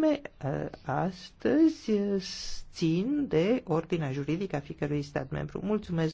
norme eh, astăzi eh, țin de ordinea juridică a fiecărui stat membru. Mulțumesc!